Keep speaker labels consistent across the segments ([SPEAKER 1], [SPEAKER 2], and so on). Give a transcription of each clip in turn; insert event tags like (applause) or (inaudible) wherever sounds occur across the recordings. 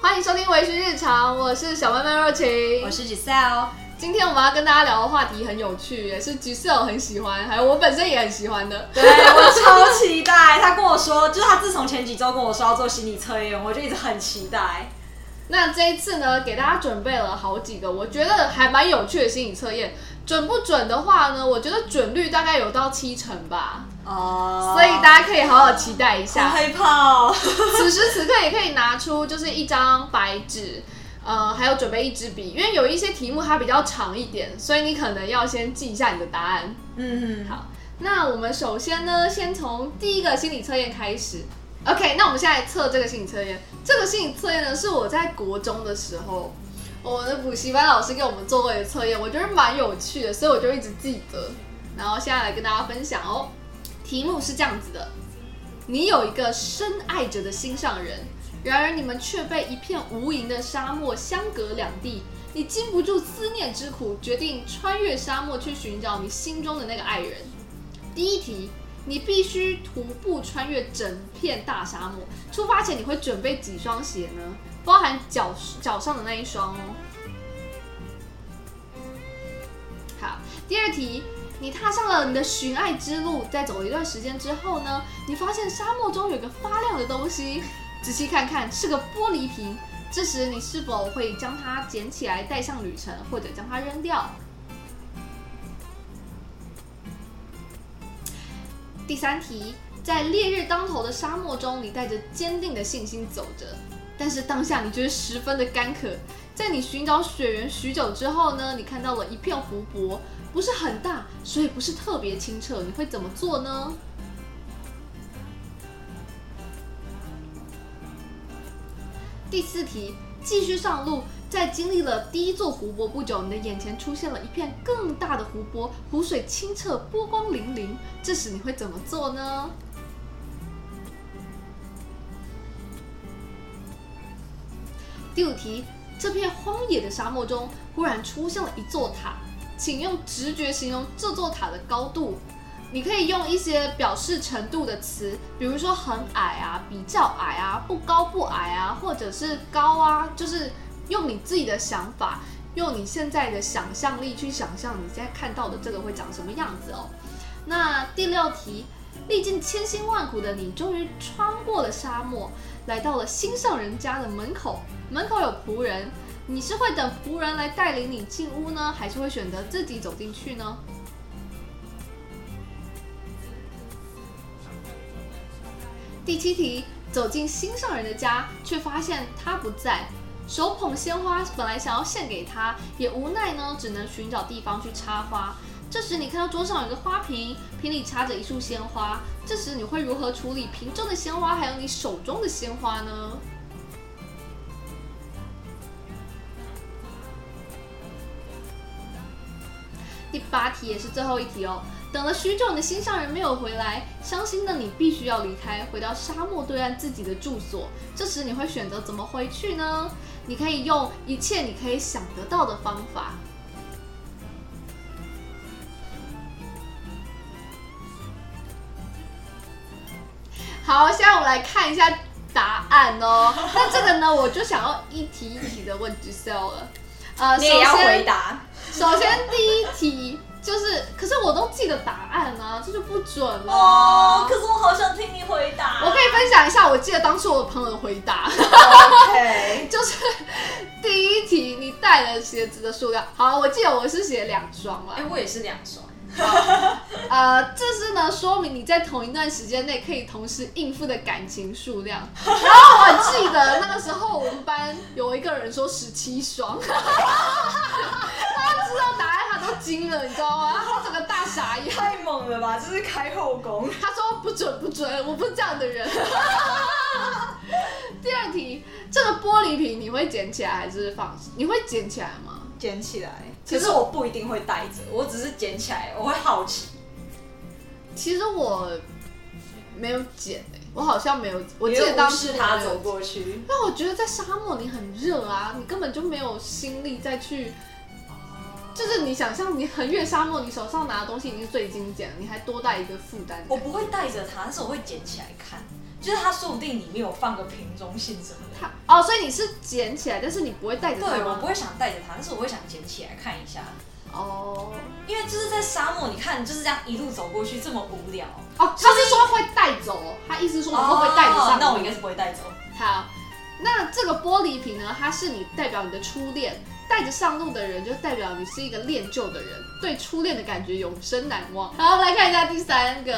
[SPEAKER 1] 歡迎收聽《微醺日常》，我是小妹妹若晴，我是 Giselle。今天我們要跟大家聊的話題很有趣，也是 Giselle 很喜歡，還有我本身也很喜歡的。對，我超期待， (laughs) 他跟我說，就是他自從前幾周跟我說要做心理測驗，我就一直很期待。那這一次呢，給大家準備了好幾個，我覺得還蠻有趣的心理測驗。準不準的話呢，我覺得準率大概有到七成吧。哦，所以大家可以好好期待一下。不怕，此時此刻也可以拿出就是一張白紙，呃，還有準備一支筆，因為有一些題目它比較長一點，所以你可能要先記一下你的答案。嗯嗯，好，那我們首先呢，先從第一個心理測驗開始。OK，那我們現在測這個心理測驗。這個心理測驗呢，是我在國中的時候，我的補習班老師給我們做過的測驗，我覺得蠻有趣的，所以我就一直記得。然後現在來跟大家分享哦。題目是這樣子的：你有一個深愛着的心上人，然而你們卻被一片無垠的沙漠相隔兩地。你禁不住思念之苦，決定穿越沙漠去尋找你心中的那個愛人。第一題，你必須徒步穿越整片大沙漠。出發前你會準備幾雙鞋呢？包含腳腳上的那一雙哦。好，第二題。你踏上了你的尋愛之路，在走了一段時間之後呢，你發現沙漠中有個發亮的東西，仔細看看是個玻璃瓶。這時你是否會將它撿起來帶上旅程，或者將它扔掉？第三題，在烈日當頭的沙漠中，你帶着堅定的信心走着，但是當下你覺得十分的乾渴。在你尋找水源許久之後呢，你看到了一片湖泊。不是很大，所以不是特別清澈。你會怎麼做呢？第四題，繼續上路，在經歷了第一座湖泊不久，你的眼前出現了一片更大的湖泊，湖水清澈，波光粼粼。這時你會怎麼做呢？第五題，這片荒野的沙漠中，忽然出現了一座塔。請用直覺形容這座塔的高度，你可以用一些表示程度的詞，比如說很矮啊、比較矮啊、不高不矮啊，或者是高啊，就是用你自己的想法，用你現在的想象力去想象你現在看到的這個會長什麼樣子哦。那第六題，歷盡千辛萬苦的你終於穿過了沙漠，來到了心上人家的門口，門口有僕人。你是會等僕人來帶領你進屋呢，還是會選擇自己走進去呢？第七題：走進心上人的家，卻發現他不在，手捧鮮花，本來想要獻給他，也無奈呢，只能尋找地方去插花。這時你看到桌上有一個花瓶，瓶裡插着一束鮮花。這時你會如何處理瓶中的鮮花，還有你手中的鮮花呢？第八題，也是最後一題哦。等了許久的心上人沒有回來，傷心的你必須要離開，回到沙漠對岸自己的住所。這時你會選擇怎麼回去呢？你可以用一切你可以想得到的方法。好，現在我們來看一下答案哦。那這個呢，我就想要一題一題的問句 e s a l 了。呃，你也要回答。 (laughs) 首先第一題就是，可是我都記得答案啊，這就是、不準了。哦，可是我好想聽你回答。我可以分享一下，我記得當初我的朋友的回答，哦 okay、 (laughs) 就是第一題你帶的鞋子的數量。好，我記得我是寫兩雙了。哎、欸，我也是兩雙。好呃，這是呢，說明你在同一段時間內可以同時應付的感情數量。 (laughs) 然後我很記得那個時候我們班有一個人說十七雙， (laughs) 他知道答案，他都驚了，你知道嗎？他整個大傻眼。太猛了吧，這、就是開後宮？他說不準，不準，我不是這樣的人。 (laughs) 第二題，這個玻璃瓶你會撿起來還是放？你會撿起來嗎？撿起來。可是我不一定會帶着，我只是撿起來，我會好奇。其實我沒有撿誒、欸，我好像沒有。我記得當時他走過去。那我覺得在沙漠你很熱啊，你根本就沒有心力再去，就是你想象你橫越沙漠，你手上拿的東西已經最精簡了，你還多帶一個負擔。我不會帶着它，但是我會撿起來看。就是他說不定裡面有放個瓶中信什麼的，哦，所以你是撿起來，但是你不會帶着它，對，我不會想帶着它，但是我會想撿起來看一下。哦，因為就是在沙漠，你看就是這樣一路走過去，這麼無聊。哦，所以，他是說會帶走，他意思說你會不會帶着上路？哦，那我應該是不會帶走。好，那這個玻璃瓶呢？它是你代表你的初戀，帶着上路的人，就代表你是一個戀舊的人，對初戀的感覺永生難忘。好，我們來看一下第三個，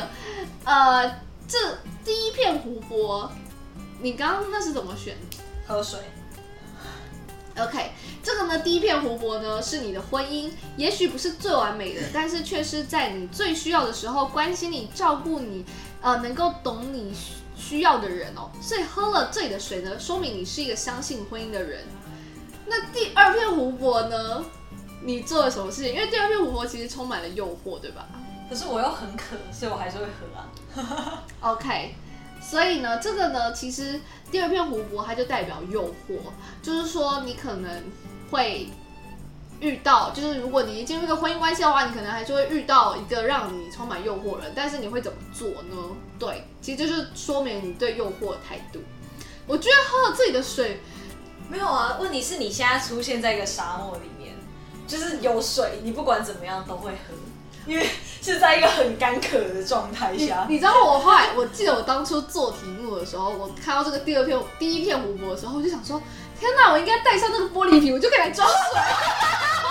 [SPEAKER 1] 呃。這第一片湖泊，你剛剛那是怎麼選？喝水。OK，這個呢，第一片湖泊呢是你的婚姻，也許不是最完美的，但是卻是在你最需要的時候關心你、照顧你，呃，能夠懂你需要的人哦。所以喝了這裡的水呢，說明你是一個相信婚姻的人。那第二片湖泊呢，你做了什麼事情？因為第二片湖泊其實充滿了誘惑，對吧？可是我又很渴，所以我還是會喝啊。 (laughs) OK，所以呢，這個呢，其實第二片湖泊，它就代表誘惑，就是說你可能會遇到，就是如果你一進入一個婚姻關係的話，你可能還是會遇到一個讓你充滿誘惑的人，但是你會怎麼做呢？對，其實就是說明你對誘惑的態度。我覺得喝了自己的水。沒有啊，問題是你現在出現在一個沙漠裡面，就是有水，你不管怎麼樣都會喝。因為是在一個很乾渴的狀態下你，你知道我後來，我記得我當初做題目的時候，我看到這個第二片、第一片湖泊的時候，我就想說：天哪，我應該帶上那個玻璃瓶，我就可以來裝水。 (laughs)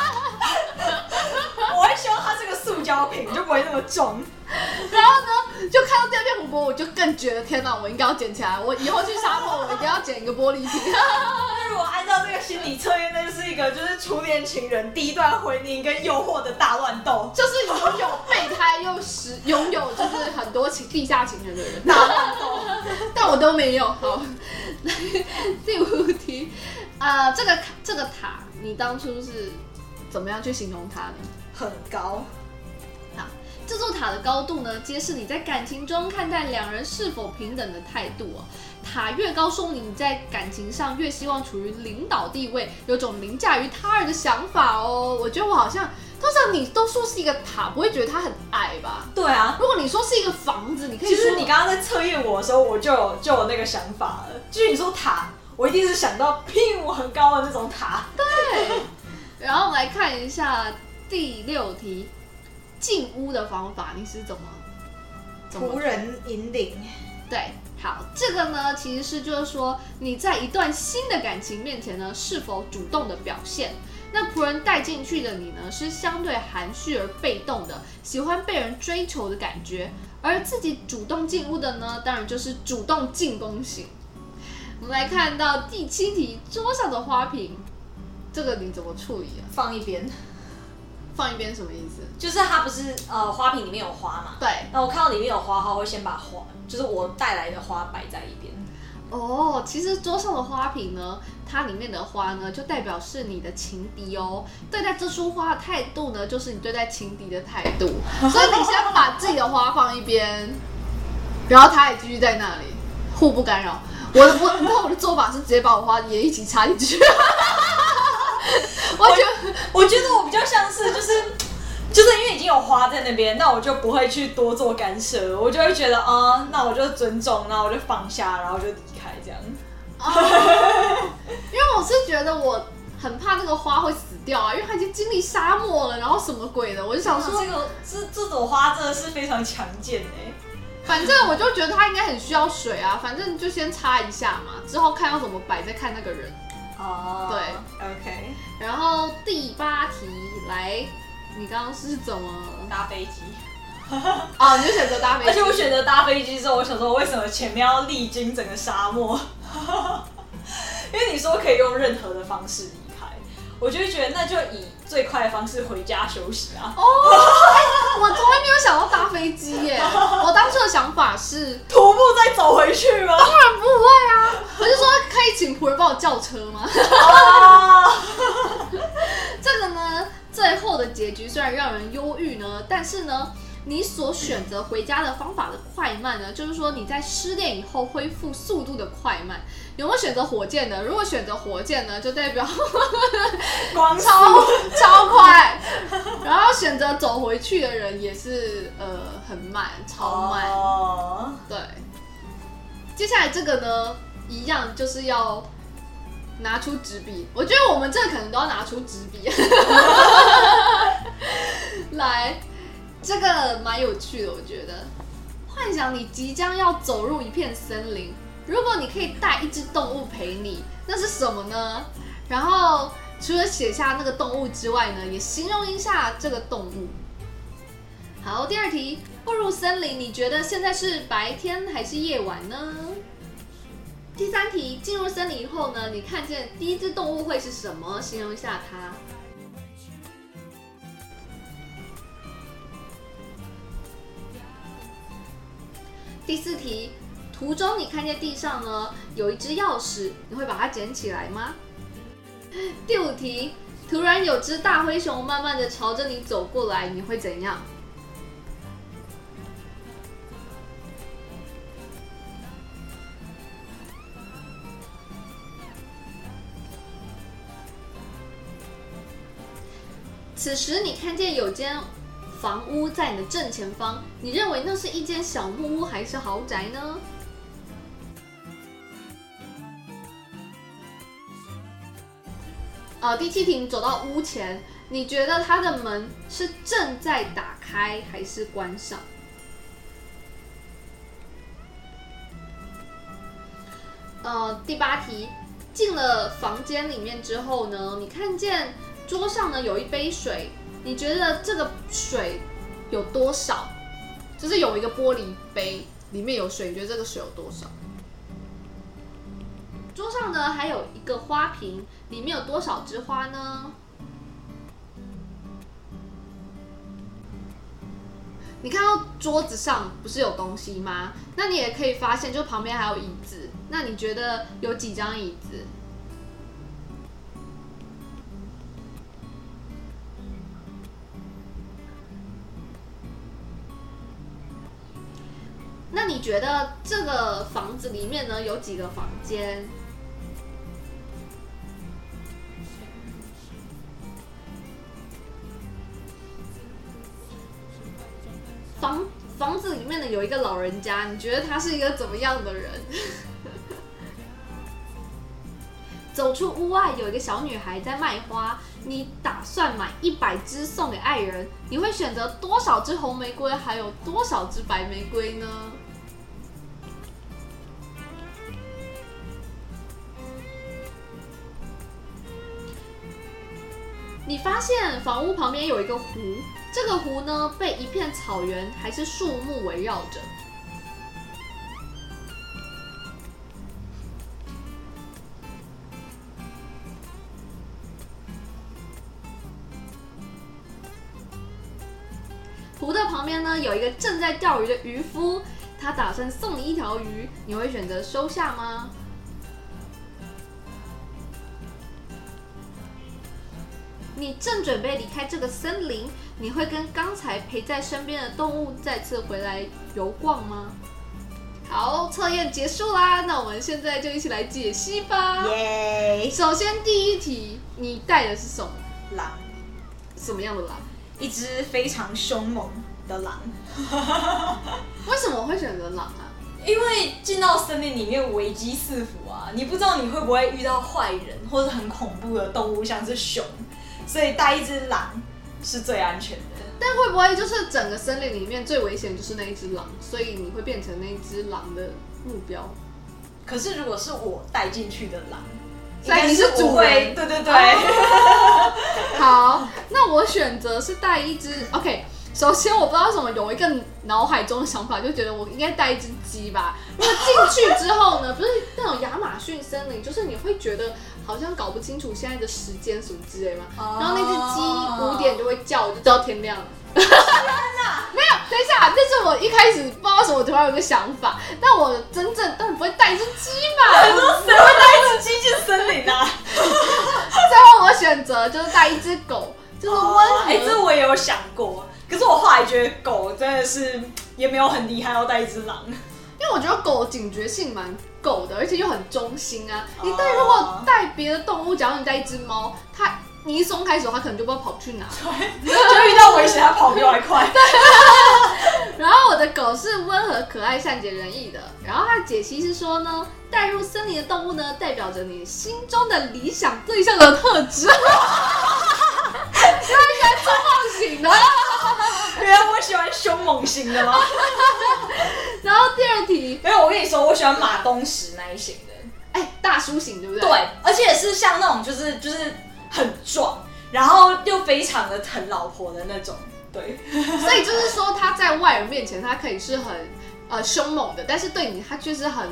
[SPEAKER 1] (laughs) 我會希望它是個塑膠瓶，就不會那麼重。 (laughs) 然後呢，就看到第二片湖泊，我就更覺得天哪，我應該要撿起來。我以後去沙漠，我一定要撿一個玻璃瓶。那 (laughs) (laughs) 如果按照這個心理測驗，那就是一個就是初戀情人、第一段婚姻跟誘惑的大亂鬥， (laughs) 就是擁有備胎又擁擁有就是很多情地下情人的人大亂鬥。 (laughs) (laughs) 但我都沒有好。 (laughs) 來，第五題，呃，這個這個塔，你當初是。怎麼樣去形容它呢？很高。啊，這座塔的高度呢，揭示，你在感情中看待兩人是否平等的態度哦。塔越高，說明你在感情上越希望處於領導地位，有種凌駕於他人的想法哦。我覺得我好像，通常你都說是一個塔，不會覺得它很矮吧？對啊。如果你說是一個房子，你可以。其實你剛剛在測驗我的時候，我就有就有那個想法了。就你說塔，我一定是想到我很高的那種塔。對。然後我們來看一下第六題，進屋的方法你是怎麼？
[SPEAKER 2] 怎麼僕人
[SPEAKER 1] 引領，對，好，這個呢其實是就是說你在一段新的感情面前呢，是否主動的表現。那僕人帶進去的你呢，是相對含蓄而被動的，喜歡被人追求的感覺，而自己主動進屋的呢，當然就是主動進攻型。我們來看到第七題，桌上的花瓶。這個你怎麼處理啊？放一邊，放一邊什麼意思？就是它不是呃花瓶裡面有花嘛？對。那、嗯、我看到裡面有花，我會先把花，就是我帶來的花擺在一邊。哦，oh, 其實桌上的花瓶呢，它裡面的花呢，就代表是你的情敵哦。對待這束花的態度呢，就是你對待情敵的態度。 (laughs) 所以你先把自己的花放一邊，然後它也繼續在那裡，互不干擾。我我你知道 (laughs) 我的做法是直接把我花也一起插進去。 (laughs) 我就我覺得我比較像是就是就是因為已經有花在那邊，那我就不會去多做干涉，我就會覺得啊、嗯，那我就尊重，那我就放下，然後就離開這樣，哦。因為我是覺得我很怕這個花會死掉啊，因為它已經經歷沙漠了，然後什麼鬼的，我就想說這個這這朵花真的是非常強健哎、欸。反正我就覺得它應該很需要水啊，反正就先插一下嘛，之後看要怎麼擺，再看那個人。哦，oh, 對，OK，然後第八題來，你剛剛是怎麼搭飛機？ (laughs) 啊，你就選擇搭飛機，而且我選擇搭飛機之後，我想說，我為什麼前面要歷經整個沙漠？ (laughs) 因為你說可以用任何的方式。我就覺得，那就以最快的方式回家休息啊！哦，哎、我從來沒有想到搭飛機耶！ (laughs) 我當初的想法是徒步再走回去嗎？當然不會啊！我就說開警車幫我叫車嗎？哦、 (laughs) 這個呢，最後的結局雖然讓人憂鬱呢，但是呢。你所選擇回家的方法的快慢呢？就是說你在失戀以後恢復速度的快慢。有沒有選擇火箭的？如果選擇火箭呢，就代表光速超超快。光然後選擇走回去的人也是呃很慢，超慢。哦，對。接下來這個呢，一樣就是要拿出紙筆。我覺得我們這個可能都要拿出紙筆，哦， (laughs) 來。這個蠻有趣的，我覺得。幻想你即將要走入一片森林，如果你可以帶一隻動物陪你，那是什麼呢？然後除了寫下那個動物之外呢，也形容一下這個動物。好，第二題，步入森林，你覺得現在是白天還是夜晚呢？第三題，進入森林以後呢，你看見第一只動物會是什麼？形容一下它。第四題，途中你看見地上呢有一只鑰匙，你會把它撿起來嗎？第五題，突然有只大灰熊慢慢的朝着你走過來，你會怎樣？此時你看見有間房屋在你的正前方，你認為那是一間小木屋還是豪宅呢？呃，第七題，你走到屋前，你覺得他的門是正在打開還是關上？呃，第八題，進了房間裡面之後呢，你看見桌上呢有一杯水。你覺得這個水有多少？就是有一個玻璃杯，裡面有水，你覺得這個水有多少？桌上呢還有一個花瓶，裡面有多少枝花呢？你看到桌子上不是有東西嗎？那你也可以發現，就旁邊還有椅子，那你覺得有幾張椅子？覺得這個房子裡面呢有幾個房間？房房子裡面呢有一個老人家，你覺得他是一個怎麼樣的人？ (laughs) 走出屋外，有一個小女孩在賣花，你打算買一百支送給愛人，你會選擇多少支紅玫瑰，還有多少支白玫瑰呢？你發現房屋旁邊有一個湖，這個湖呢，被一片草原還是樹木圍繞着。湖的旁邊呢，有一個正在釣魚的漁夫，他打算送你一條魚，你會選擇收下嗎？你正準備離開這個森林，你會跟剛才陪在身邊的動物再次回來遊逛嗎？好，測驗結束啦，那我們現在就一起來解析吧。耶！Yeah! 首先第一題，你帶的是什麼狼？什麼樣的狼？一隻非常兇猛的狼。 (laughs) 為什麼會選擇狼啊？因為進到森林裡面危機四伏啊，你不知道你會不會遇到壞人，或者很恐怖的動物，像是熊。所以帶一隻狼是最安全的，但會不會就是整個森林裡面最危險就是那一隻狼，所以你會變成那一隻狼的目標？可是如果是我帶進去的狼，所以你是主人，對對對。哦、 (laughs) (laughs) 好，那我選擇是帶一隻。OK，首先我不知道怎麼有一個腦海中的想法，就覺得我應該帶一隻雞吧。那麼進去之後呢？不是那種亞馬遜森林，就是你會覺得。好像搞不清楚現在的時間什麼之類嘛。Oh, 然後那只雞五點就會叫，oh. 就知道天亮了。 (laughs) 沒有，等一下，這是我一開始不知道什麼我突然有個想法，但我真正但是不會帶一只雞嘛很多誰會帶一只雞進森林啊？ (laughs) (laughs) 最後我選擇就是帶一只狗，就是溫。哎、欸，這我也有想過，可是我後來覺得狗真的是也沒有很厲害，要帶一只狼， (laughs) 因為我覺得狗警覺性蠻。狗的，而且又很忠心啊！哦、你帶如果帶別的動物，假如你帶一隻貓，它你一鬆開手，它可能就不知道跑去哪了，就遇到危險它 (laughs) 跑比我還快對、啊。然後我的狗是溫和、可愛、善解人意的。然後他的解析是說呢，帶入森林的動物呢，代表着你心中的理想對象的特質。他居然做夢醒、啊」。了。對啊，我喜歡兇猛型的嘛。 (laughs) 然後第二題，因為我跟你說，我喜歡馬東石那一型的，欸、大叔型，對不對？對，而且是像那種就是就是很壯，然後又非常的疼老婆的那種。對，所以就是說他在外人面前他可以是很呃兇猛的，但是對你他確實很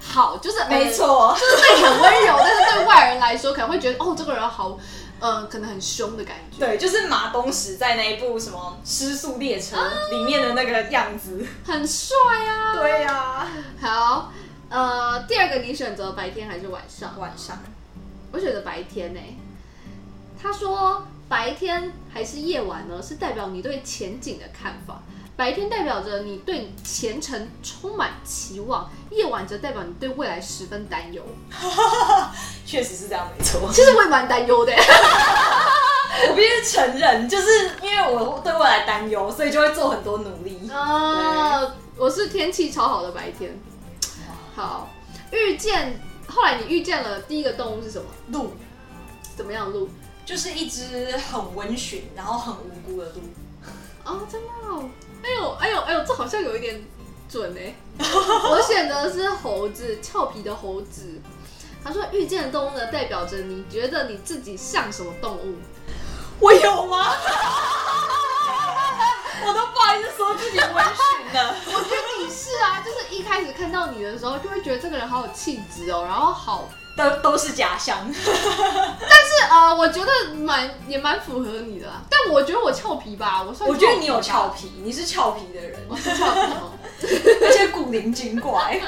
[SPEAKER 1] 好，就是沒錯錯，就是對你很溫柔， (laughs) 但是對外人來說可能會覺得哦，這個人好。嗯，可能很凶的感覺。對，就是馬東石在那一部什麼《失速列車》裡面的那個樣子，嗯、很帥啊。對呀、啊。好，呃，第二個，你選擇白天還是晚上？晚上。我選擇白天呢、欸。他說白天還是夜晚呢？是代表你對前景的看法。白天代表着你對前程充滿期望，夜晚則代表你對未來十分擔憂。確 (laughs) 實是這樣沒錯，沒錯。其實我也蠻擔憂的。 (laughs) 我必須承認，就是因為我對未來擔憂，所以就會做很多努力。啊，對我是天氣超好的白天。好，遇見後來你遇見了第一個動物是什麼？鹿。怎麼樣？鹿？就是一只很溫馴，然後很無辜的鹿。哦，真的哦。哎呦，哎呦，哎呦，這好像有一點準哎！ (laughs) 我選的是猴子，俏皮的猴子。他說，遇見動物呢，代表着你覺得你自己像什麼動物？我有嗎？ (laughs) (laughs) (laughs) 我都不好意思說自己溫馴了。 (laughs) 我覺得你是啊，就是一開始看到你的時候，就會覺得這個人好有氣質哦，然後好。都都是假象， (laughs) 但是、呃、我覺得蠻也蠻符合你的啦。但我覺得我俏皮吧，我算。我覺得你有俏皮， (laughs) 你是俏皮的人，你是俏皮的、哦， (laughs) 而且古靈精怪，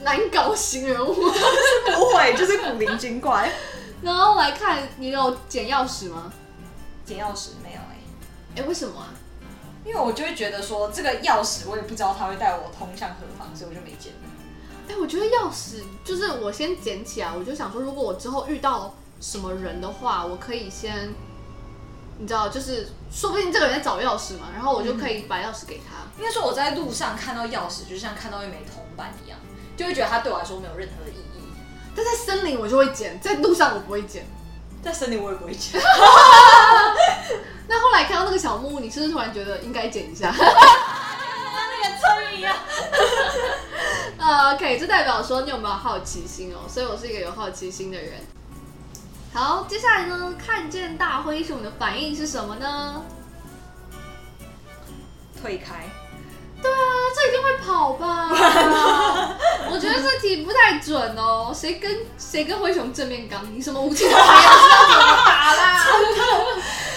[SPEAKER 1] 難搞型人物。不會，就是古靈精怪。然後來看，你有撿鑰匙嗎？撿鑰匙沒有誒、欸，哎、欸、為什麼、啊？因為我就會覺得說，這個鑰匙我也不知道它會帶我通向何方，所以我就沒撿。哎，我覺得鑰匙就是我先撿起來，我就想說，如果我之後遇到什麼人的話，我可以先，你知道，就是說不定這個人在找鑰匙嘛，然後我就可以把鑰匙給他。應該說我在路上看到鑰匙，就像看到一枚銅板一樣，就會覺得他對我來說沒有任何的意義。但在森林我就會撿，在路上我不會撿，在森林我也不會撿。 (laughs) (laughs) 那後來看到那個小木，你是不是突然覺得應該撿一下？ (laughs) 呃，OK，這代表說你有沒有好奇心哦？所以我是一個有好奇心的人。好，接下來呢，看見大灰熊的反應是什麼呢？退開。對啊，這一定會跑吧？ (laughs) 我覺得這題不太準哦。誰跟誰跟灰熊正面剛？你什麼武器都沒有，怎麼打啦？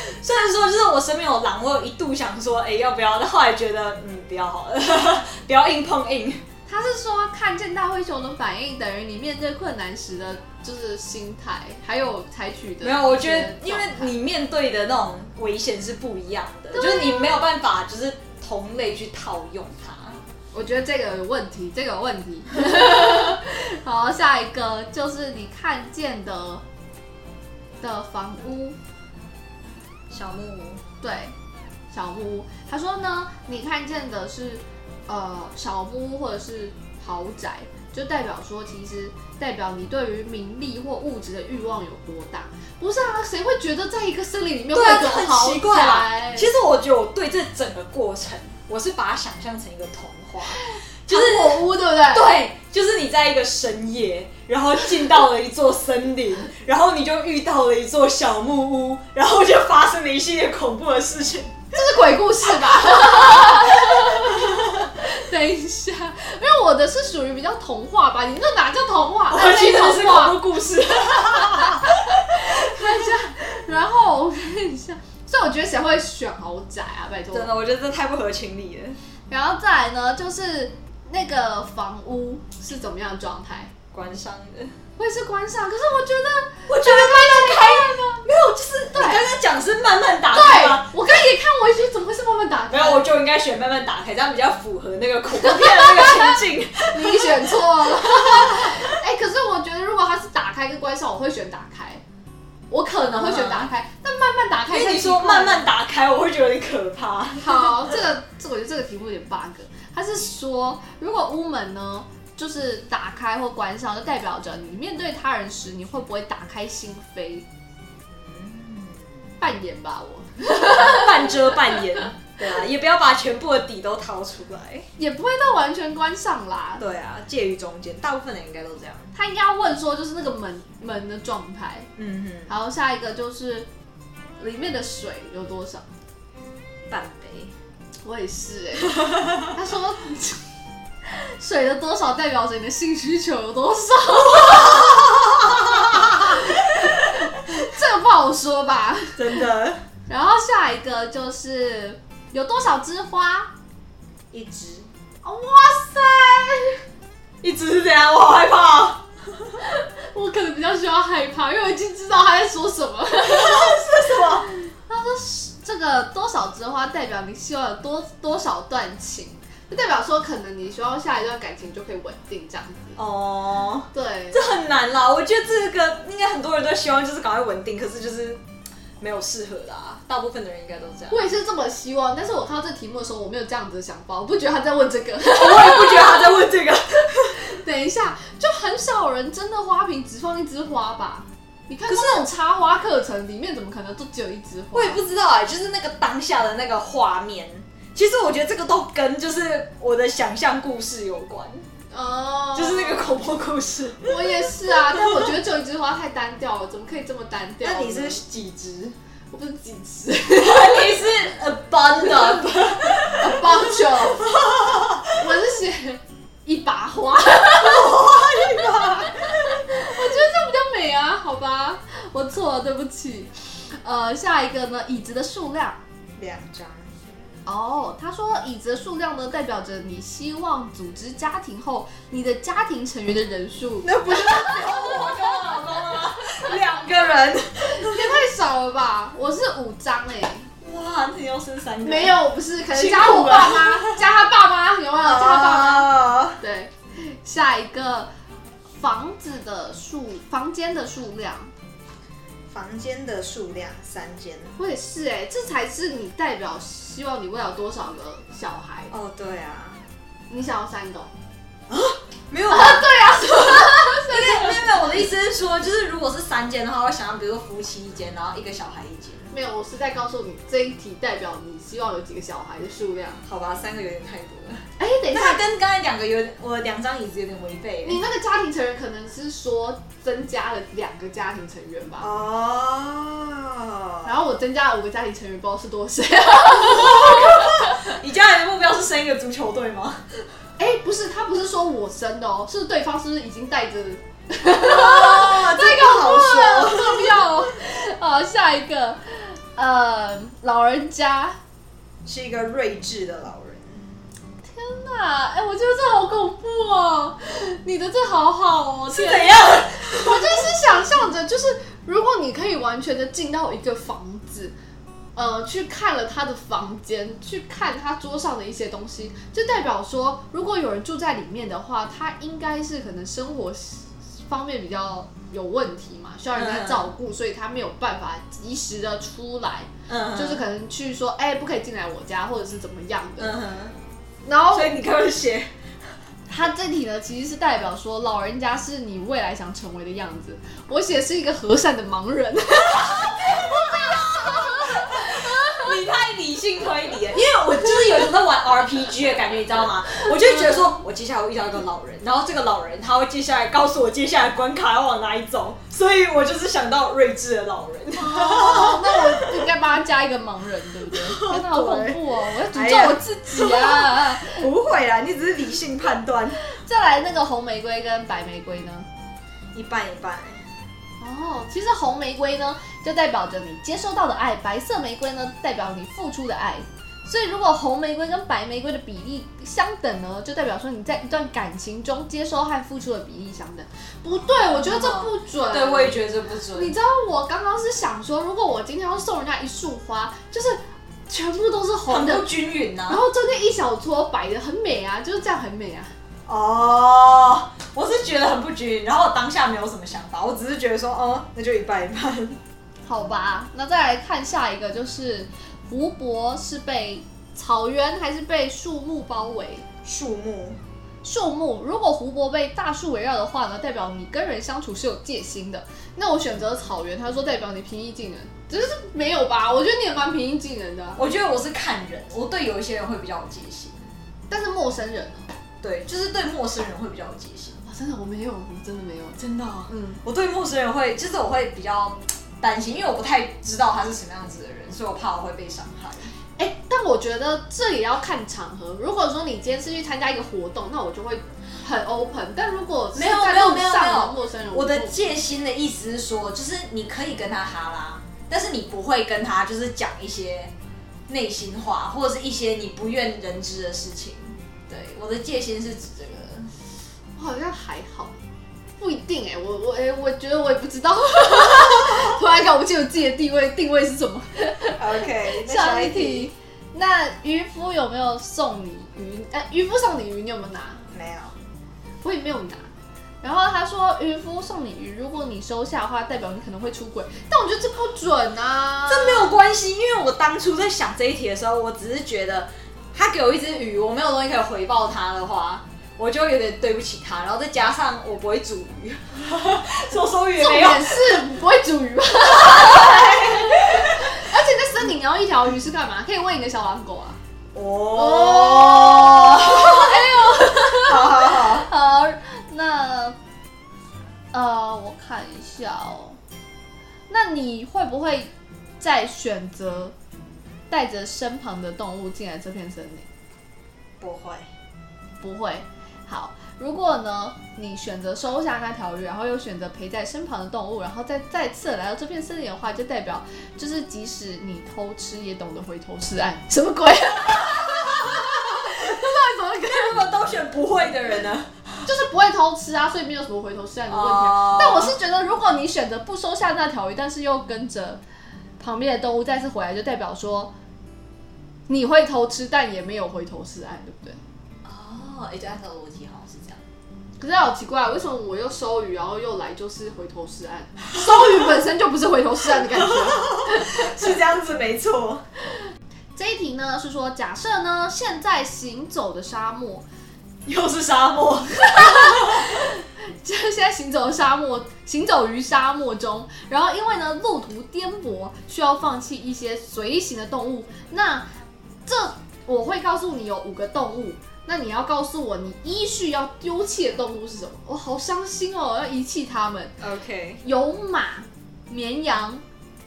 [SPEAKER 1] (laughs) 雖然說就是我身邊有狼，我有一度想說，哎，要不要？但後來覺得，嗯，不要好了，不要硬碰硬。他是說，看見大灰熊的反應等於你面對困難時的，就是心態，還有採取的。沒有，我覺得，因為你面對的那種危險是不一樣的，對就是你沒有辦法，就是同類去套用它。我覺得這個有問題，這個有問題。 (laughs) 好，下一個就是你看見的的房屋，小木屋。對，小木屋。他說呢，你看見的是。呃，小木屋或者是豪宅，就代表說，其實代表你對於名利或物質的慾望有多大？不是啊，誰會覺得在一個森林裡面會有、啊、奇怪？其實我覺得，我對這整個過程，我是把它想象成一個童話，
[SPEAKER 2] 就是糖果
[SPEAKER 1] 屋，對不對？對，就是你在一個深夜，然後進到了一座森林， (laughs) 然後你就遇到了一座小木屋，然後就發生了一系列恐怖的事情。這是鬼故事吧？ (laughs) 等一下，因為我的是屬於比較童話吧，你那哪叫童話？童話我其實的是恐怖故事、啊。等 (laughs) 一下，然後我看一下，所以我覺得誰會選豪宅啊？拜托，真的，我覺得這太不合情理了。然後再來呢，就是那個房屋是怎麼樣的狀態？關上的，我也是關上。可是我覺得，我覺得它能開，開，開沒有，就是對，你剛剛講是慢慢打開。我剛也看，我一些怎麼。慢慢打開，沒有，我就應該選慢慢打開，這樣比較符合那個恐怖片的那個情境。 (laughs) 你選錯錯了，哎、 (laughs) 欸，可是我覺得如果他是打開跟關上，我會選打開，我可能、啊、我會選打開。但慢慢打開，因為你說慢慢打開，我會覺得有點可怕。好，這個，這我覺得這個題目有點 bug。它是說，如果屋門呢，就是打開或關上，就代表着你面對他人時，你會不會打開心扉、嗯？半掩吧我，我 (laughs) 半遮半掩。對啊，也不要把全部的底都掏出來，也不會到完全關上啦。對啊，介於中間，大部分的人應該都這樣。他應該要問說，就是那個門門的狀態。嗯哼。然後下一個就是裡面的水有多少？半杯。我也是哎、欸。 (laughs) 他說，水的多少代表着你的性需求有多少。 (laughs) 這個不好說吧？真的。然後下一個就是。有多少枝花？一只、哦。哇塞！一直是這樣，我好害怕、啊。 (laughs) 我可能比較喜歡害怕，因為我已經知道他在說什麼。 (laughs) (laughs) 是什麼？他說：“這個多少枝花代表你希望有多多少段情，就代表說可能你希望下一段感情就可以穩定這樣子。”哦，對，這很難啦。我覺得這個應該很多人都希望就是趕快穩定，可是就是。沒有適合的啊，大部分的人應該都這樣。我也是這麼希望，但是我看到這題目的時候，我沒有這樣子的想法。我不覺得他在問這個， (laughs) (laughs) 我也不覺得他在問這個。 (laughs) 等一下，就很少人真的花瓶只放一枝花吧？你看，可是那種插花課程裡面怎麼可能都只有一枝花？我也不知道哎、欸，就是那個當下的那個畫面。其實我覺得這個都跟就是我的想象故事有關。哦，oh, 就是那個恐怖故事。我也是啊， (laughs) 但我覺得就一枝花太單調了，怎麼可以這麼單調？那你是幾枝？我不是幾枝、 (laughs) 啊，你是 a bunch of, a bunch of，我是寫一把花， (laughs) (laughs) 一把。 (laughs) 我覺得這樣比較美啊，好吧？我錯了，對不起。呃，下一個呢？椅子的數量，兩張。哦，oh, 他說椅子數量呢，代表着你希望組織家庭後你的家庭成員的人數。那不是老公老公嗎？兩、 (laughs) 哦、個人，這也太少了吧？我是五張哎、欸，哇，這又生三個。沒有，不是，可能加我爸媽，加他爸媽，有沒有？加他爸媽？Oh. 對，下一個房子的數，房間的數量。房間的數量三間，我也是哎、欸，這才是你代表希望你會有多少個小孩？哦，對啊，你想要三個啊？沒有啊，對啊， (laughs) 所以因為沒有沒有，我的意思是說，就是如果是三間的話，我想要，比如說夫妻一間，然後一個小孩一間。沒有，我是在告訴你，這一題代表你希望有幾個小孩的數量。好吧，三個有點太多了。哎、欸，等一下，跟剛才兩個有點，我兩張椅子有點違背、欸。你那個家庭成員可能是說增加了兩個家庭成員吧？哦。Oh. 然後我增加了五個家庭成員，不知道是多少、啊。 (laughs) 你家人的目標是生一個足球隊嗎？哎、欸，不是，他不是說我生的哦，是對方是不是已經帶着？這個好重要哦！ (laughs) 好，下一個。呃，老人家是一個睿智的老人。天哪，哎，我覺得這好恐怖哦！你的這好好哦，是怎樣？我就是想象着，就是如果你可以完全的進到一個房子，呃，去看了他的房間，去看他桌上的一些東西，就代表說，如果有人住在裡面的話，他應該是可能生活方面比較。有問題嘛？需要人家照顧，uh huh. 所以他沒有辦法及時的出來，uh huh. 就是可能去說，哎、欸，不可以進來我家，或者是怎麼樣的。Uh huh. 然後，所以你開始寫他這題呢，其實是代表說，老人家是你未來想成為的樣子。我寫是一個和善的盲人。你太理性推理了，因為我就是有時候玩 RPG 的感覺，你知道嗎？ (laughs) 我就覺得說我接下來會遇到一個老人，然後這個老人他會接下來告訴我接下來關卡要往哪裡走。所以我就是想到睿智的老人。哦、那我應該幫他加一個盲人，對不對？真的好恐怖哦！ (laughs) 哎、呀我要詛咒我自己啊！不會啦，你只是理性判斷。 (laughs) 再來那個紅玫瑰跟白玫瑰呢？一半一半。哦，其實紅玫瑰呢，就代表着你接收到的愛；白色玫瑰呢，代表你付出的愛。所以，如果紅玫瑰跟白玫瑰的比例相等呢，就代表說你在一段感情中接收和付出的比例相等。不對，我覺得這不準。對，我也覺得這不準。你知道我剛剛是想說，如果我今天要送人家一束花，就是全部都是紅的，很不均勻啊。然後中間一小撮擺得很美啊，就是這樣很美啊。哦，oh, 我是覺得很不均，然後我當下沒有什麼想法，我只是覺得說，哦、嗯、那就一半一半，好吧。那再來看下一個，就是湖泊是被草原還是被樹木包圍？樹木，樹木。如果湖泊被大樹圍繞的話呢，代表你跟人相處是有戒心的。那我選擇草原，他說代表你平易近人，只是沒有吧？我覺得你也蠻平易近人的，我覺得我是看人，我對有一些人會比較有戒心，但是陌生人呢？對，就是對陌生人會比較有戒心啊！真的，我沒有，我真的沒有，真的、哦。嗯，我對陌生人會，就是我會比較擔心，因為我不太知道他是什麼樣子的人，所以我怕我會被傷害。哎、欸，但我覺得這也要看場合。如果說你今天是去參加一個活動，那我就會很 open。但如果沒有沒有沒有陌生人，我的戒心的意思是說，就是你可以跟他哈拉，但是你不會跟他就是講一些內心話，或者是一些你不願人知的事情。對，我的戒心是指這個，我好像還好，不一定哎、欸，我我哎，我覺得我也不知道， (laughs) 突然間我記不起自己的定位定位是什麼。OK，下一，下一題，那漁夫有沒有送你魚？哎、呃，漁夫送你魚，你有沒有拿？沒有，我也沒有拿。然後他說漁夫送你魚，如果你收下的話，代表你可能會出軌。但我覺得這不準啊，這沒有關係，因為我當初在想這一題的時候，我只是覺得。他給我一隻魚，我沒有東西可以回報他的話，我就有點對不起他。然後再加上我不會煮魚，說說也沒有，重點是不會煮魚。而且你在森林要一條魚是幹嘛？可以餵你的小狼狗啊！哦，哦 (laughs) 哎呦，好好好， (laughs) 好，好那呃，我看一下哦，那你會不會再選擇？帶着身旁的動物進來這片森林，不會，不會。好，如果呢，你選擇收下那條魚，然後又選擇陪在身旁的動物，然後再再次來到這片森林的話，就代表就是即使你偷吃，也懂得回頭是岸。什麼鬼？那到底怎麼 (laughs) 都選不會的人呢、啊？就是不會偷吃啊，所以沒有什麼回頭是岸的問題。Oh. 但我是覺得，如果你選擇不收下那條魚，但是又跟着旁邊的動物再次回來，就代表說。你會偷吃，但也沒有回頭是岸，對不對？哦，欸、就按照邏輯好像是這樣。可是好奇怪，為什麼我又收魚，然後又來就是回頭是岸？ (laughs) 收魚本身就不是回頭是岸的感覺， (laughs) 是這樣子沒錯。這一題呢是說假設呢，假設呢現在行走的沙漠又是沙漠， (laughs) (laughs) 就是現在行走的沙漠，行走於沙漠中，然後因為呢路途顛簸，簸，需要放棄一些隨行的動物，那。這我會告訴你有五個動物，那你要告訴我你依序要丟棄的動物是什麼？我、哦、好傷心哦，我要遺棄他們。OK，有馬、綿羊、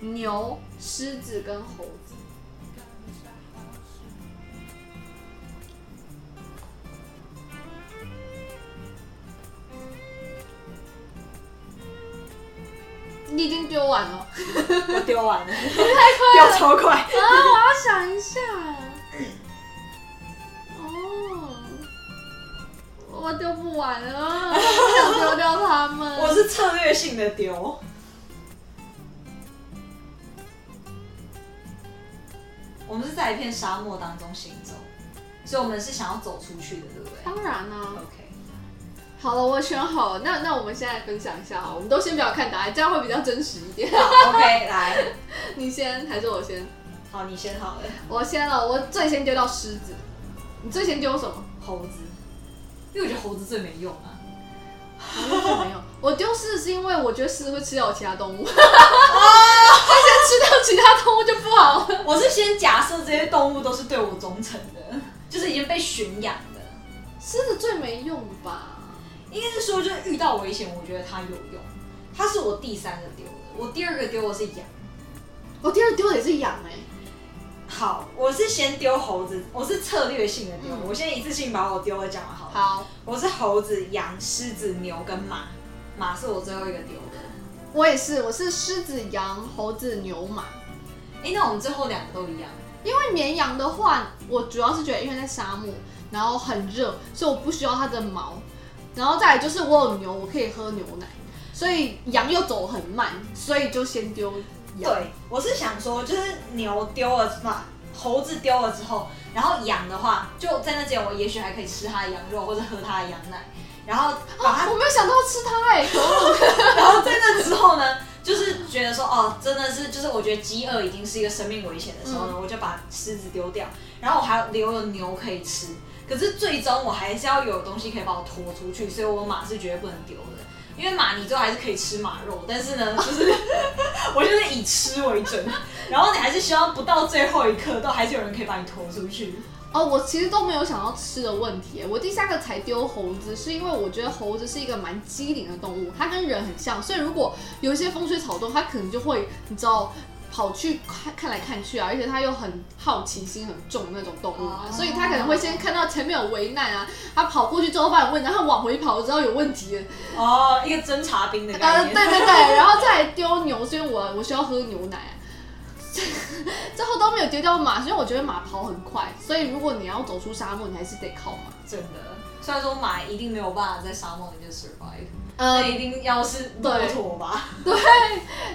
[SPEAKER 1] 牛、獅子跟猴子。你 Okay. 已經丟完了， (laughs) 我丟完了，是不是太快了，丟超快啊！我要想一下。我丟不完啊！丟掉他們。 (laughs) 我是策略性的丟。 (laughs) 我們是在一片沙漠當中行走，所以我們是想要走出去的，對不對？當然了、啊。OK。好了，我選好了，那那我們現在分享一下哈，我們都先不要看答案，這樣會比較真實一點。 (laughs) OK，來， (laughs) 你先還是我先？好，你先好了。我先了，我最先丟到獅子。你最先丟什麼？猴子。因為我覺得猴子最沒用啊！猴子最沒用。我丟獅子是因為我覺得獅子會吃掉我其他動物。啊！它先吃掉其他動物就不好了。我是先假設這些動物都是對我忠誠的，就是已經被馴養的。獅子最沒用吧？應該是說，就是遇到危險，我覺得它有用。它是我第三個丟的，我第二個丟的是羊。我第二丟的也是羊哎、欸。好，我是先丟猴子，我是策略性的丟，嗯、我先一次性把我丟了，講完好不好，我是猴子、羊、獅子、牛跟馬，馬是我最後一個丟的。我也是，我是獅子、羊、猴子、牛、馬。哎、欸，那我們最後兩個都一樣。因為綿羊的話，我主要是覺得因為在沙漠，然後很熱，所以我不需要它的毛。然後再來就是我有牛，我可以喝牛奶，所以羊又走很慢，所以就先丟。羊對，我是想說，就是牛丟了馬，猴子丟了之後，然後羊的話，就在那間我也許還可以吃它的羊肉或者喝它的羊奶，然後啊、哦，我沒有想到吃它哎， (laughs) 然後在那之後呢，就是覺得說哦，真的是就是我覺得飢餓已經是一個生命危險的時候呢，嗯、我就把獅子丟掉，然後我還留了牛可以吃，可是最終我還是要有東西可以把我拖出去，所以我馬是絕對不能丟的，因為馬你最後還是可以吃馬肉，但是呢，就是我覺得。 (laughs) 以吃為準，然後你還是希望不到最後一刻都還是有人可以把你拖出去。哦，我其實都沒有想到吃的問題。我第三個才丟猴子，是因為我覺得猴子是一個蠻機靈的動物，它跟人很像，所以如果有一些風吹草動，它可能就會，你知道。跑去看看來看去啊，而且他又很好奇心很重的那種動物、啊，哦、所以他可能會先看到前面有危難啊，他跑過去之後發現，問他往回跑，我知道有問題。哦，一個偵察兵的概念。啊，對對對，然後再來丟牛，所以我我需要喝牛奶、啊。 (laughs) 最後都沒有丟掉馬，所以我覺得馬跑很快，所以如果你要走出沙漠，你還是得靠馬。真的，雖然說馬一定沒有辦法在沙漠裡面 survive。呃，嗯、那一定要是妥妥吧？對，對，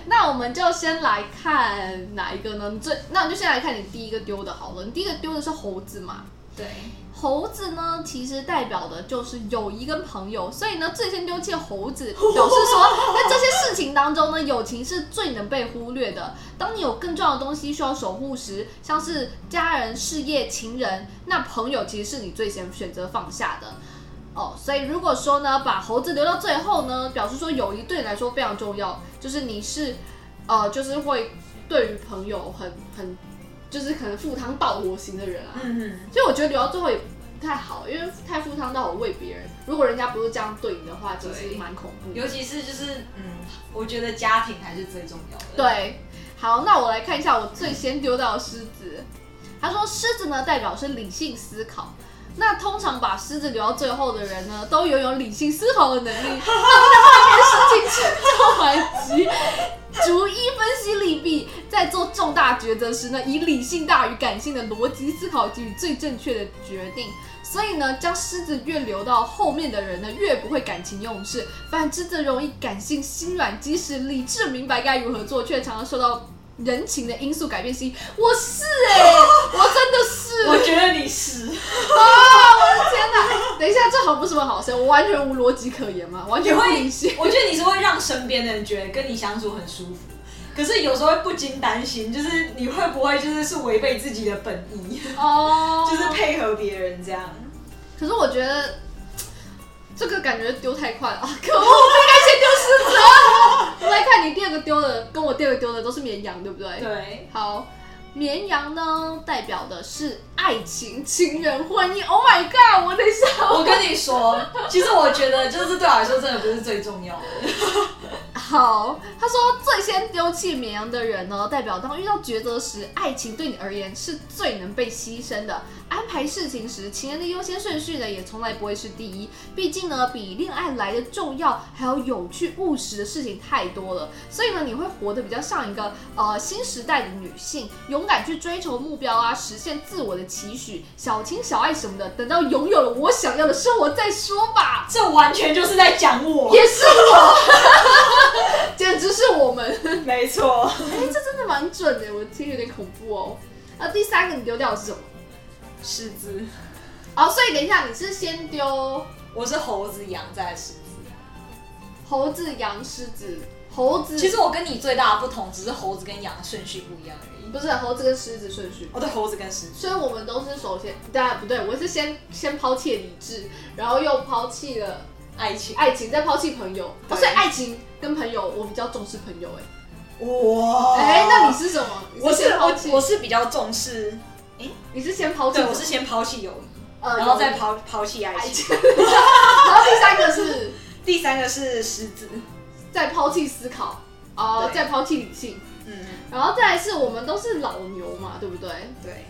[SPEAKER 1] 那我們就先來看哪一個呢？最那我們就先來看你第一個丟的，好了，你第一個丟的是猴子嘛？對，猴子呢，其實代表的就是友誼跟朋友，所以呢，最先丟棄猴子，表示說，在這些事情當中呢， (laughs) 友情是最能被忽略的。當你有更重要的東西需要守護時，像是家人、事業、情人，那朋友其實是你最先選擇放下的。哦，所以如果說呢，把猴子留到最後呢，表示說友誼對你來說非常重要，就是你是，呃，就是會對於朋友很很，就是可能赴湯蹈火型的人啊。嗯嗯哼。所以我覺得留到最後也不太好，因為太赴湯蹈火為別人，如果人家不是這樣對你的話，就是蠻恐怖的。尤其是就是嗯，我覺得家庭還是最重要的。對，對，好，那我來看一下我最先丟到的獅子，嗯、他說獅子呢代表是理性思考。那通常把獅子留到最後的人呢，都擁有理性思考的能力， (laughs) 他們在面對事情前，超排級，逐一分析利弊，在做重大抉擇時呢，以理性大於感性的邏輯思考，給予最正確的決定。所以呢，將獅子越留到後面的人呢，越不會感情用事；反之則容易感性心軟。即使理智明白該如何做，卻常常受到人情的因素改變心意。我是誒、欸， (laughs) 我真的是，我覺得。不是什麼好事，我完全無邏輯可言嘛，完全會。我覺得你是會讓身邊的人覺得跟你相處很舒服，可是有時候會不禁擔心，就是你會不會就是是違背自己的本意哦，就是配合別人這樣。可是我覺得這個感覺丟太快了啊！可惡、 (laughs) 啊，我不應該先丟獅子。我來看你第二個丟的，跟我第二個丟的都是綿羊，對不對？對，好。綿羊呢，代表的是愛情、情人、婚姻。Oh my God！我等一下，我跟你說， (laughs) 其實我覺得就是對我來說，真的不是最重要的。 (laughs) 好，他說最先丟棄綿羊的人呢，代表當遇到抉擇時，愛情對你而言是最能被犧牲的。安排事情時，情人的優先順序呢，也從來不會是第一。畢竟呢，比戀愛來的重要還要有有趣、務實的事情太多了。所以呢，你會活得比較像一個呃新時代的女性，勇敢去追求目標啊，實現自我的期許，小情小愛什麼的，等到擁有了我想要的生活再說吧。這完全就是在講我，也是我， (laughs) 簡直是我們，沒錯。哎、欸，這真的蠻準的，我聽有點恐怖哦。那、啊、第三個你丟掉的是什麼？獅子，哦，所以等一下，你是先丟，我是猴子、羊、再獅子羊再獅子、子，猴子、羊、獅子，猴子。其實我跟你最大的不同，只是猴子跟羊的順序不一樣而已。不是猴子跟獅子順序？哦，對，猴子跟獅子。所以我們都是首先，當然不對，我是先先拋棄理智，然後又拋棄了愛情，愛情再拋棄朋友對、哦。所以愛情跟朋友，我比較重視朋友、欸。哎，哇，哎、欸，那你是什麼？我是，是我我是比較重視。你是先拋棄，我是先拋棄友誼，然後再拋拋棄愛情，嗯、 (laughs) 然後第三個是 (laughs) 第三個是獅子，再拋棄思考哦，再拋棄理性，嗯，然後再來是，我們都是老牛嘛，嗯、對不對？對，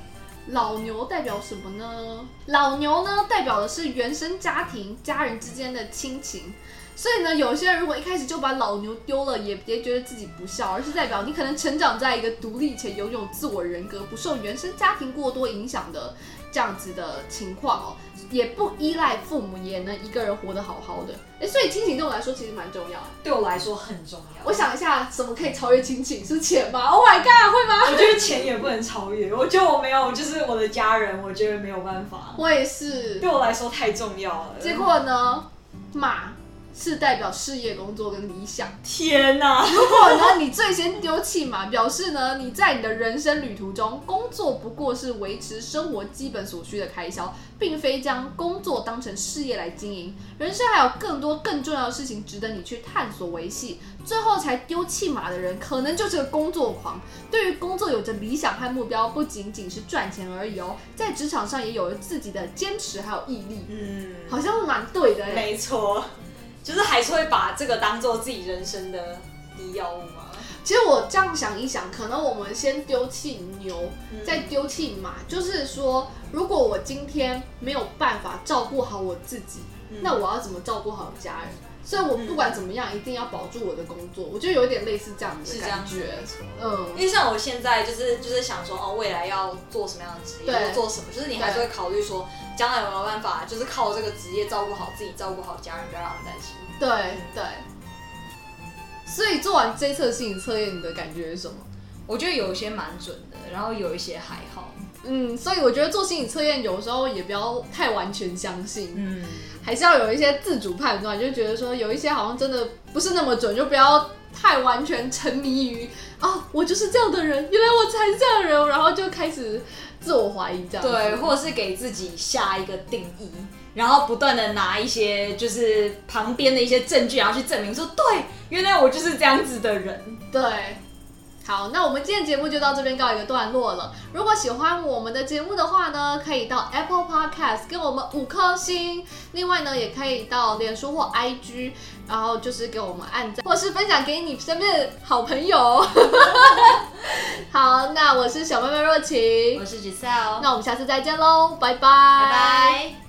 [SPEAKER 1] 老牛代表什麼呢？老牛呢，代表的是原生家庭、家人之間的親情。所以呢，有些人如果一開始就把老牛丟了，也別覺得自己不孝，而是代表你可能成長在一個獨立且擁有自我人格、不受原生家庭過多影響的這樣子的情況哦，也不依賴父母，也能一個人活得好好的。欸，所以親情對我來說其實蠻重要，對我來說很重要。我想一下，什麼可以超越親情？是錢嗎？Oh my god，會嗎？我覺得錢也不能超越。我覺得我沒有，就是我的家人，我覺得沒有辦法。我也是，對我來說太重要了。結果呢，馬。是代表事業、工作跟理想。天哪！ (laughs) 如果呢，你最先丟棄馬，表示呢，你在你的人生旅途中，工作不過是維持生活基本所需的開銷，並非將工作當成事業來經營。人生還有更多更重要的事情值得你去探索、維繫。最後才丟棄馬的人，可能就是個工作狂。對於工作有着理想和目標，不僅僅是賺錢而已哦，在職場上也有了自己的堅持還有毅力。嗯，好像蠻對的。沒錯。就是還是會把這個當做自己人生的第一要務嗎？其實我這樣想一想，可能我們先丟棄牛，嗯、再丟棄馬。就是說，如果我今天沒有辦法照顧好我自己，那我要怎麼照顧好家人？所以，我不管怎麼樣，嗯、一定要保住我的工作。我覺得有一點類似這樣的感覺，嗯。因為像我現在就是就是想說，哦，未來要做什麼樣的職業，要對做什麼，就是你還是會考慮說，將來有沒有辦法，就是靠這個職業照顧好自己，照顧好家人，不要讓他們擔心。對、嗯、對。所以做完這次的心理測驗，你的感覺是什麼？我覺得有一些蠻準的，然後有一些還好。嗯，所以我覺得做心理測驗有時候也不要太完全相信，嗯，還是要有一些自主判斷。就覺得說有一些好像真的不是那麼準，就不要太完全沉迷於啊，我就是這樣的人，原來我才是這樣的人，然後就開始自我懷疑這樣，對，或者是給自己下一個定義，然後不斷的拿一些就是旁邊的一些證據，然後去證明說，對，原來我就是這樣子的人，對。好，那我們今天節目就到這邊告一個段落了。如果喜歡我們的節目的話呢，可以到 Apple Podcast 給我們五顆星。另外呢，也可以到臉書或 IG，然後就是給我們按讚，或是分享給你身邊的好朋友。 (laughs) 好，那我是小妹妹若晴，我是 Giselle，那我們下次再見嘍，拜拜，拜拜。